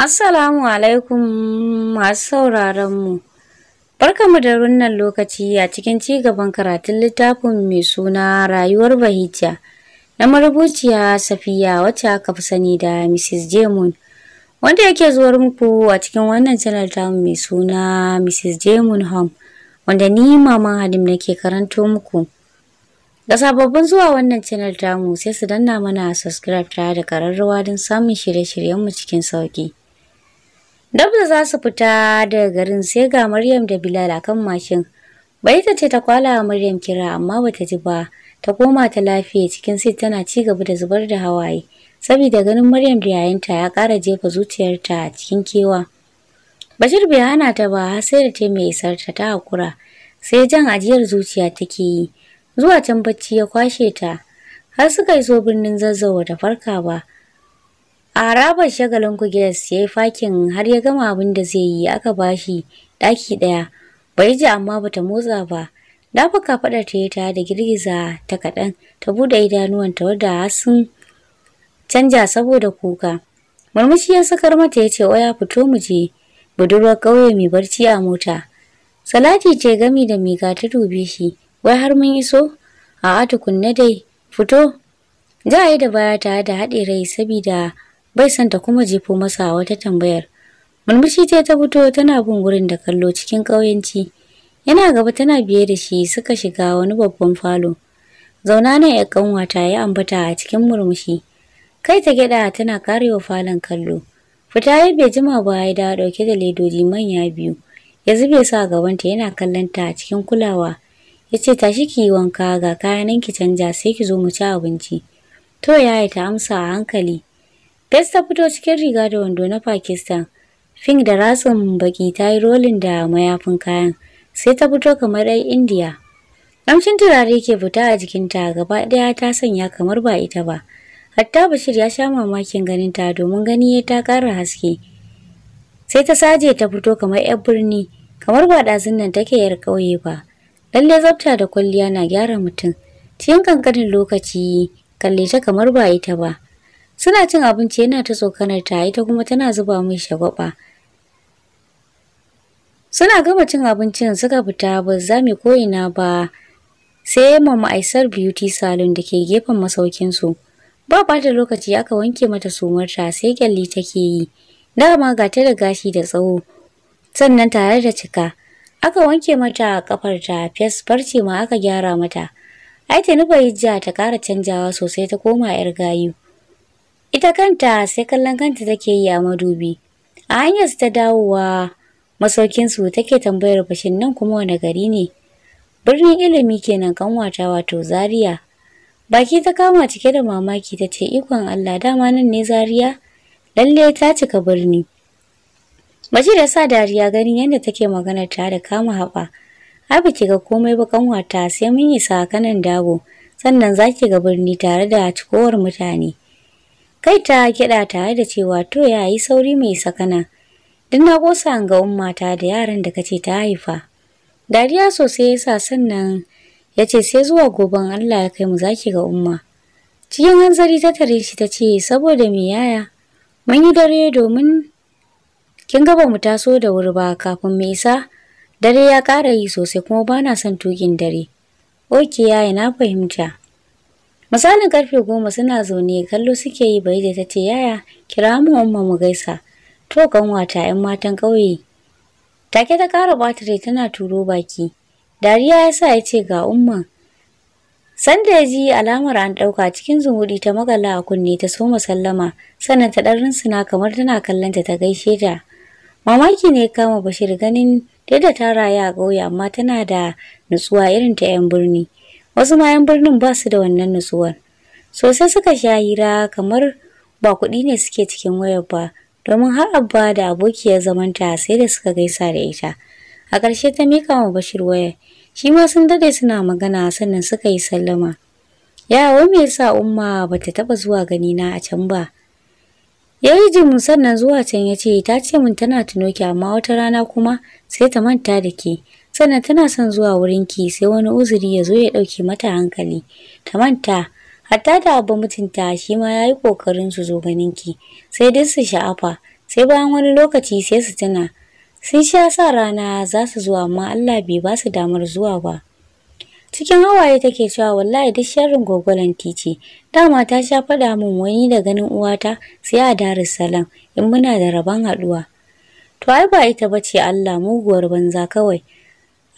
Assalamu alaikum masu sauraron mu. Barkamu da wannan lokaci a cikin ci gaban karatun littafin mai suna Rayuwar Bahija na marubuciya Safiya wacce aka fi sani da Mrs. Jemun wanda yake zuwar muku a cikin wannan channel ta mai suna Mrs. Jemun Home wanda ni Maman Hadim nake karanto muku. Ga sababbin zuwa wannan channel mu sai su danna mana subscribe ta da kararrawa don samun shirye-shiryenmu cikin sauki. Dabda za su fita daga garin sai ga Maryam da Bilal akan mashin. Baita ce ta kwala Maryam kira amma bata ji ba. Ta koma ta lafiya cikin sai tana ci gaba da zubar da hawaye. Saboda ganin Maryam da yayinta ya ƙara jefa zuciyarta cikin kewa. Bashir bai hana ta ba har sai da ta mai isar ta ta hakura. Sai jan ajiyar zuciya take yi. Zuwa can bacci ya kwashe ta. Har suka iso birnin zazzawa da farka ba. A harabar shagalin Gugues ya yi fakin har ya gama abin da zai yi aka bashi daki ɗaya. Bai ji amma bata motsa ba. Dafa fada ta yi ta da girgiza ta kaɗan ta bude buɗe ta wadda sun canja saboda kuka. Murmushi ya sakar mata ya ce oya fito mu je budurwar ƙauye mai barci a mota. Salati ce gami da miga ta dube shi wai har mun iso? A'a tukunna dai fito. Za yi da baya tare da haɗe rai sabida bai san ta kuma jefo masa wata tambayar. Murmushi ta ta fito tana bin gurin da kallo cikin ƙauyenci. Yana gaba tana biye da shi suka shiga wani babban falo. Zauna ne ya ƙanwata ya ambata a cikin murmushi. Kai ta gyaɗa tana karewa falon kallo. Fita ya bai jima ba ya da ɗauke da ledoji manya biyu. Ya zube su a ta yana kallon ta cikin kulawa. Ya ce tashi ki wanka ga kayananki ki canja sai ki zo mu ci abinci. To yaya ta amsa a hankali. Best ta fito cikin riga da wando na Pakistan. Fink da ratsin baki ta yi rolin da mayafin kayan. Sai ta fito kamar ɗan Indiya. Ƙamshin turare ke fita a jikinta gaba ɗaya ta sanya kamar ba ita ba. Hatta Bashir ya sha mamakin ganin ta domin gani ya ta ƙara haske. Sai ta saje ta fito kamar 'yar birni, kamar ba ɗazun nan take 'yar ƙauye ba. Lalle tsafta da kwalliya na gyara mutum. Cikin ƙanƙanin lokaci kalle ta kamar ba ita ba. Suna cin abinci yana ta tsokanar ta ita kuma tana zuba mai shagwaba. Suna gama cin abincin suka fita ba za mu ko'ina ba sai mama Aisar Beauty Salon da ke gefen masaukin su Ba da lokaci aka wanke mata sumarta sai gyalli take yi. Dama ga ta da gashi da tsawo. Sannan tare da cika. Aka wanke mata ta fes barce ma aka gyara mata. Ai ta nufa ta kara canjawa sosai ta koma 'yar gayu. Ita kanta sai kallon kanta take yi a madubi. A hanyar su ta dawowa masaukinsu take tambayar bashin nan kuma wani gari ne. Birnin ilimi kenan kanwata wato Zaria. Baki ta kama cike da mamaki ta ce ikon Allah dama nan ne Zaria. Lalle ta cika birni. Bashi da sa dariya ganin yadda take magana ta da kama haɓa. Habu ke ki ga komai ba kanwata sai mun yi sakanan dago. Sannan zaki ga birni tare da cikowar mutane. Kai ta kiɗa tare da cewa to ya yi sauri mai sakana. Duk na ƙosa ga ummata da yaran da kace ta haifa. Dariya sosai ya sa sannan ya ce sai zuwa goben Allah ya kai mu zaki ga umma. Cikin hanzari ta tare shi ta ce saboda mai yaya mun yi dare domin kin ga bamu mu taso da wuri ba kafin mu isa dare ya ƙara yi sosai kuma bana son tukin dare. Oke yaya na fahimta. Misalin karfe goma suna zaune kallo suke yi bai da ta yaya kira mu amma mu gaisa. To kanwata 'yan matan ƙauye. Take ta ƙara batire tana turo baki. Dariya ya sa ya ce ga umma. Sanda ya ji alamar an ɗauka cikin zumuɗi ta magala a kunne ta soma sallama sannan ta ɗan suna kamar tana kallonta ta gaishe ta. Mamaki ne kama Bashir ganin yadda ta raya a ƙauye amma tana da nutsuwa irin ta 'yan birni. wasu mayan birnin ba su da wannan nutsuwar sosai suka sha hira kamar ba kuɗi ne suke cikin wayar ba domin har abba da abokiyar zamanta sai da suka gaisa da ita a ƙarshe ta mika wa bashir wayar shi ma sun dade suna magana sannan suka yi sallama ya wai me yasa umma ba ta taɓa zuwa gani na a can ba ya yi jin sannan zuwa can ya ce ta ce min tana tuno ki amma wata rana kuma sai ta manta da ke sannan tana son zuwa wurin ki, sai wani uzuri ya zo ya ɗauke mata hankali ta manta hatta da abba mutunta shi ma ya yi ƙoƙarin su zo ki, sai duk su sha'afa sai bayan wani lokaci sai su tuna sun sha sa rana za su zuwa amma Allah bai ba su damar zuwa ba cikin hawaye take cewa wallahi duk sharrin gogolan tici dama ta sha faɗa min wani da ganin uwata sai a salan. in muna da rabon haɗuwa to ai ba ita bace Allah muguwar banza kawai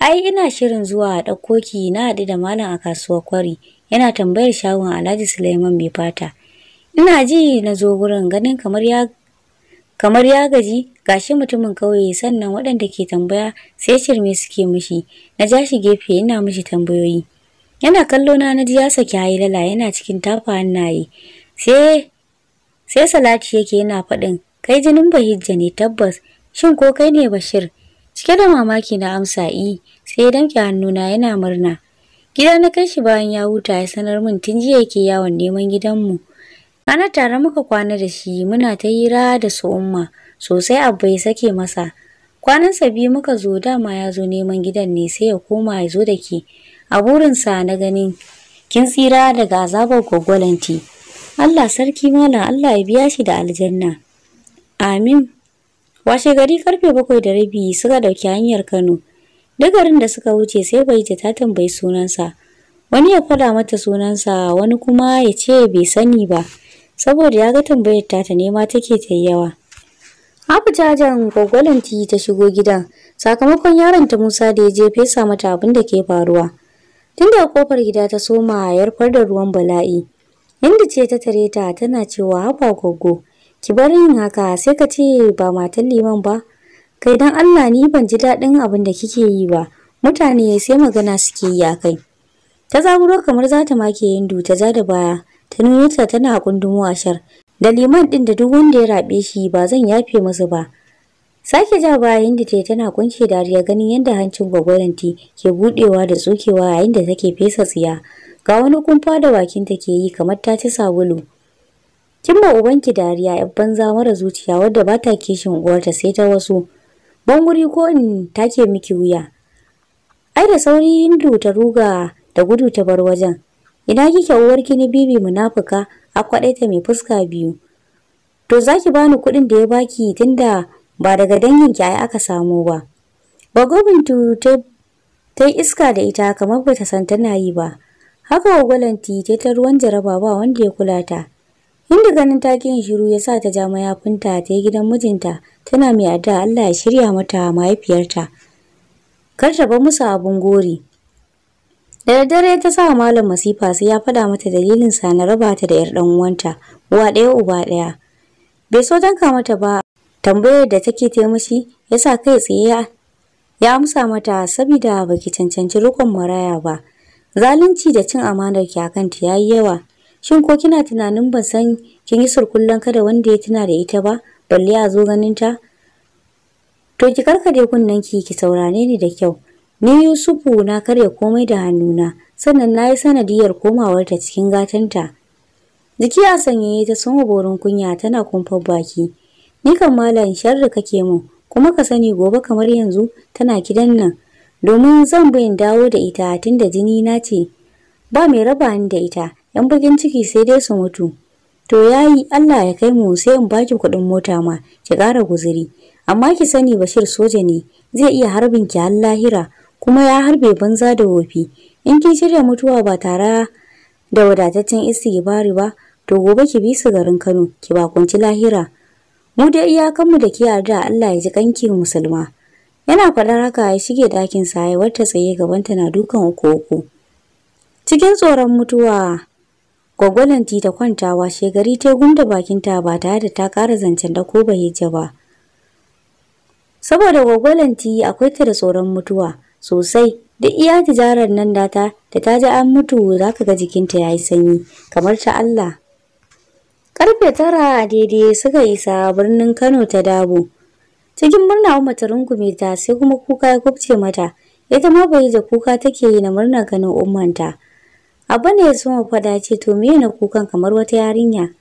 Ai ina shirin zuwa a ɗauko ki na haɗu da malam a kasuwa kwari. Yana tambayar shagon Alhaji Sulaiman mai fata. Ina ji na zo gurin ganin kamar ya kamar ya gaji gashi mutumin kauye sannan waɗanda ke tambaya sai shirme suke mishi. Na ja shi gefe ina mishi tambayoyi. Yana kallo na na ji ya saki hailala yana cikin tafa hannaye. Sai sai Salati yake yana faɗin kai jinin Bahijja ne tabbas. Shin ko kai ne Bashir? Cike da mamaki na amsa i, e, sai ya damƙe hannuna yana murna. Gida na kai bayan ya huta ya sanar min tun jiya yake yawon neman gidanmu. Ana tare muka kwana da shi muna ta hira da su umma sosai abba ya sake masa. Kwanansa biyu muka zo dama ya zo neman gidan ne sai ya koma ya zo da ke. A burinsa na ganin kin tsira daga azabar gwaggwalanti. Allah sarki mallam Allah ya biya shi da aljanna. Amin. Washe gari karfe bakwai da rabi suka ɗauki hanyar Kano. Duk garin da suka wuce sai Baita ta tambayi sunansa. Wani ya faɗa mata sunansa wani kuma ya ce bai sani ba saboda ya ga tambayar ta nema take ta yawa. Habu jajan gwagwalanti ta shigo gidan sakamakon yaron ta Musa da ya je fesa mata abin da ke faruwa. Tun da kofar gida ta soma yarfar da ruwan bala'i. Inda ce ta tare ta tana cewa haba gwaggo. ki bar yin haka sai ka ce ba matan liman ba kai dan Allah ni ban ji daɗin abin da kike yi ba mutane sai magana suke yi a kai ta zaburo kamar zata ta make hindu ta za da baya ta nuno tana kundumo a shar da liman ɗin da duk wanda ya rabe shi ba zan yafe masa ba Sake ja bayan da ta tana kunce dariya ganin yadda hancin gwagwaranti ke budewa da tsokewa, yayin da take fesa tsiya. Ga wani kumfa da bakin ta ke yi kamar ta ci sabulu. Kin ba ubanki dariya ya banza mara zuciya wadda ba ta kishin uwarta sai ta wasu. Ban ko in take miki wuya. Ai da sauri Hindu ta ruga da gudu ta bar wajen. Ina kike uwar kini bibi munafuka a ta mai fuska biyu. To zaki bani kuɗin da ya baki tunda ba daga danginki ai aka samo ba. Ba Bagobintu ta ta iska da ita kamar bata san tana yi ba. Haka gwalanti ta ruwan jaraba ba wanda ya kula ta. Inda ganin ta yin shiru ya sa ta ja mayafinta ta yi gidan mijinta tana mai addu'a Allah ya shirya mata mahaifiyarta. Kar ta bar musu abun gori. Da daddare ta sa malam masifa sai ya faɗa mata dalilin sa na raba ta da 'yar ɗan uwanta, uwa ɗaya uba ɗaya. Bai so danka mata ba tambayar da take ta mishi ya sa kai tsaye ya amsa mata saboda baki cancanci rukun maraya ba. Zalunci da cin amanar ki kanta ta yayi yawa. Shin ko kina tunanin ban san kin yi surkullen kada wanda ya tuna da ita ba, balle a zo ganin ta? To ki karkade kunnen ki ki saurare ni da kyau. Ni Yusufu na karya komai da hannuna, sannan na yi sanadiyar komawar ta cikin gatanta. Jiki a sanyaye ta soma borin kunya tana kumfan baki. Ni kan malam sharri kake mun, kuma ka sani gobe kamar yanzu tana gidan nan. Domin zan bayin dawo da ita tunda jini na ce, ba mai raba ni da ita, 'yan bakin ciki sai dai su mutu. To yayi Allah ya kai mu sai in baki kuɗin mota ma ki ƙara guzuri. Amma ki sani Bashir soja ne zai iya harbin ki har lahira kuma ya harbe banza da wofi. In ki shirya mutuwa ba tare da wadataccen istighfari ba to gobe ki bi su garin Kano ki ba kunci lahira. Mu da iyakanmu da ke yarda Allah ya ji kanki musulma. Yana faɗar haka ya shige dakin sa ya wata tsaye gabanta na dukan uku uku. Cikin tsoron mutuwa gwagwalanti ta kwantawa shegari gari ta bakinta ba tare da ta ƙara zancen da ko bahija ba. Saboda gwagwalanti akwai ta da tsoron mutuwa sosai duk iya tijarar nan data da ta ji an mutu za ka ga jikinta ya yi sanyi kamar ta Allah. Karfe tara daidai suka isa birnin Kano ta Dabo. Cikin murna Umma ta rungume ta sai kuma kuka ya kubce mata. Ita ma bai da kuka take yi na murna ganin ummanta. Abba ne ya soma fada ce to me na kukan kamar wata yarinya.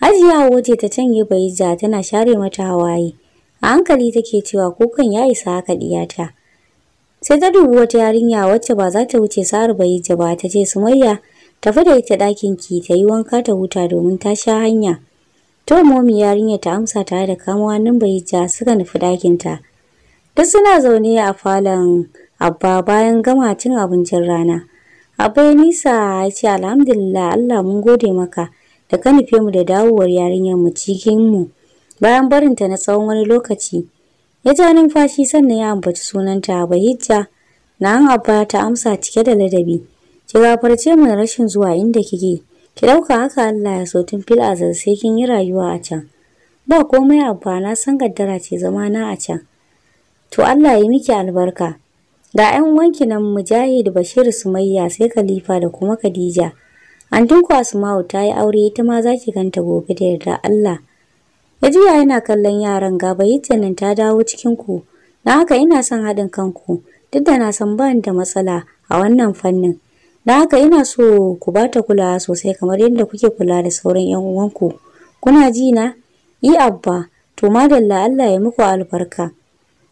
Hajiya waje ta canye bai tana share mata hawaye. A hankali take cewa kukan ya isa haka diyata. Sai ta dubi wata yarinya wacce ba za ta wuce Saru bai ba ta ce Sumayya tafi da ita ɗakin ki ta yi wanka ta huta domin ta sha hanya. To momi yarinya ta amsa tare da kamuwa hannun bai ja suka nufi ɗakin ta. Duk suna zaune a falon Abba bayan gama cin abincin rana. Abba ya nisa ya ce alhamdulillah Allah mun gode maka da ka nufe mu da dawowar yarinyar mu cikin mu. Bayan barinta na tsawon wani lokaci, ya ja numfashi sannan ya ambaci sunanta na an Abba ta amsa cike da ladabi. Ki gafarce mu rashin zuwa inda kike. Ki dauka haka Allah ya so tun fil azal sai kin yi rayuwa a can. Ba komai Abba na san gaddara ce zama na a can. To Allah ya miki albarka. Da 'yan wanki nan Mujahid Bashir Sumayya sai Khalifa da kuma Khadija. antinku Asma'u ta yi aure ita ma za ki ganta gobe da yarda Allah. Ya yana kallon yaran gaba nan ta dawo cikin ku. Na haka ina son haɗin kanku duk da na san ba da matsala a wannan fannin. Na haka ina so ku ba ta kulawa sosai kamar yadda kuke kula da sauran 'yan uwanku. Kuna ji na? Yi abba, to madalla Allah ya muku albarka.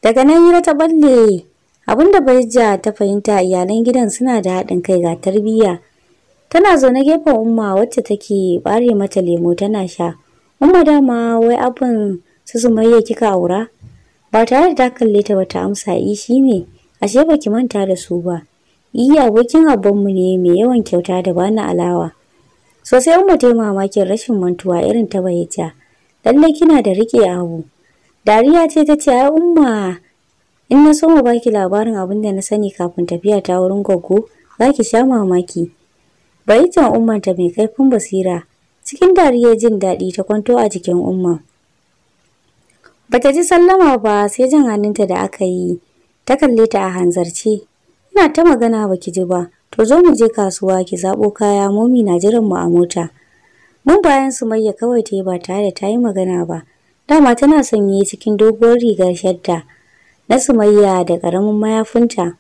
Daga nan hira ta balle Abin da ta fahimta iyalan gidan suna da haɗin kai ga tarbiyya. Tana zaune gefen Umma wacce take bare mata lemo tana sha. Umma ma wai abin su Sumayya kika aura? Ba tare da ta kalle ta bata amsa i shine, ne, ashe ki manta da su ba. Iya abokin mu ne mai yawan kyauta da bani alawa. Sosai Umma ta yi mamakin rashin mantuwa irin ta bayyata. Lallai kina da riƙe abu. Dariya ce ta ce ai Umma In na so mu baki labarin abin da na sani kafin tafiya ta wurin goggo, za ki sha mamaki. Baitan ta mai kaifin basira, cikin dariya jin daɗi ta kwanto a jikin umma. Bata ji sallama ba sai jin hannunta da aka yi, ta kalle ta a hanzarci. Ina ta magana baki ji ba, to zo mu je kasuwa ki zaɓo kaya momi na jiran mu a mota. Mun bayan su Sumayya kawai ta yi ba tare da ta yi magana ba, dama tana sanye cikin doguwar rigar shadda. na Sumayya da ƙaramin mayafinta.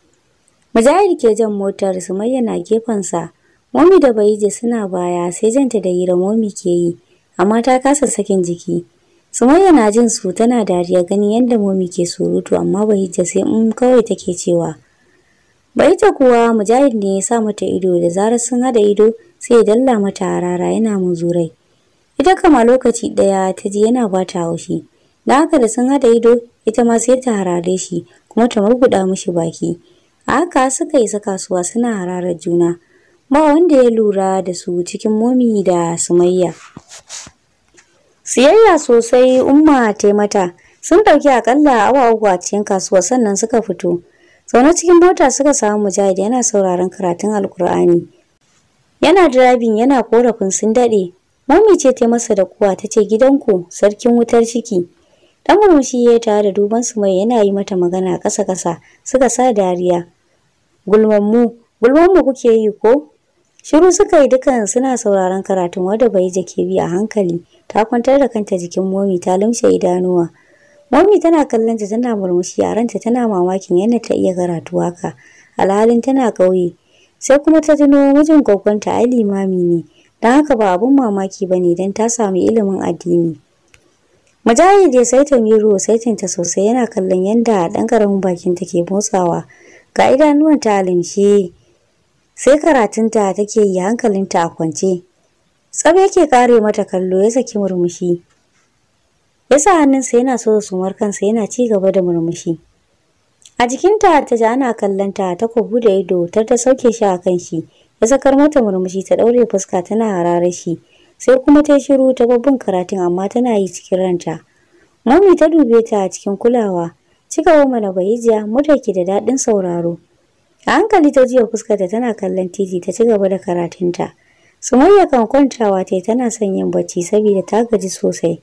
Mujahid ke jan motar Sumayya na gefensa. Momi da Bayije suna baya sai janta da hira Momi ke yi, amma ta kasa sakin jiki. Sumayya na jin su tana dariya gani yadda Momi ke surutu amma Bayije sai in um kawai take cewa. Baije kuwa Mujahid ne ya sa mata ido da zarar sun hada ido sai ya dalla mata harara yana muzurai. Ita kama lokaci ɗaya ta ji yana ba ta haushi. Da haka da sun hada ido ita ma sai ta harare shi kuma ta murguɗa mishi baki a haka suka isa kasuwa suna hararar juna ba wanda ya lura da su cikin momi da sumayya siyayya sosai umma ta mata sun ɗauki akalla awa uku a cikin kasuwa sannan suka fito zaune cikin mota suka samu mujahid yana sauraron karatun alkur'ani yana drabin yana korafin sun daɗe momi ce ta masa da kuwa ta ce gidanku sarkin wutar ciki Dan murmushi ya tare da duban su mai yana yi mata magana kasa-kasa suka sa dariya. Gulmanmu, mu kuke yi ko? Shiru suka yi dukan suna sauraron karatun wadda bai jake bi a hankali. Ta kwantar da kanta jikin momi ta lumshe idanuwa. Momi tana kallon ta tana murmushi a ranta tana mamakin yadda ta iya karatu haka. Alhalin tana ƙauye. Sai kuma ta tuno mijin gwaggonta ai limami ne. Don haka ba abun mamaki ba ne don ta sami ilimin addini. Mujahid ya saita miro saitinta sosai yana kallon yadda ɗan ƙaramin bakin take motsawa ga idanuwan a limshe sai karatunta take yi hankalinta a kwance. Tsab yake kare mata kallo ya saki murmushi. Ya sa hannunsa yana so sumar kansa yana ci gaba da murmushi. A jikinta ta ji ana kallonta ta kubu da ido ta ta sauke shi a kan shi ya sakar mata murmushi ta ɗaure fuska tana hararar shi sai kuma ta shiru ta babban karatun amma tana yi cikin ranta mami ta dube ta a cikin kulawa cika wa mana bayijiya mutaki da daɗin sauraro a hankali ta jiya fuskarta tana kallon titi ta ci gaba da karatunta sumayya kan kwantawa ta tana son yin bacci saboda ta gaji sosai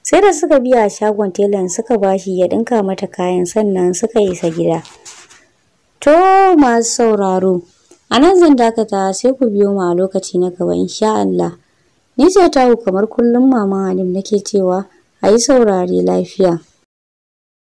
sai da suka biya a shagon telan suka bashi ya ɗinka mata kayan sannan suka isa gida to masu sauraro a nan zan dakata sai ku biyo mu a lokaci na gaba insha Allah Ni ce taku kamar kullum mama Halim nake cewa a yi saurare lafiya.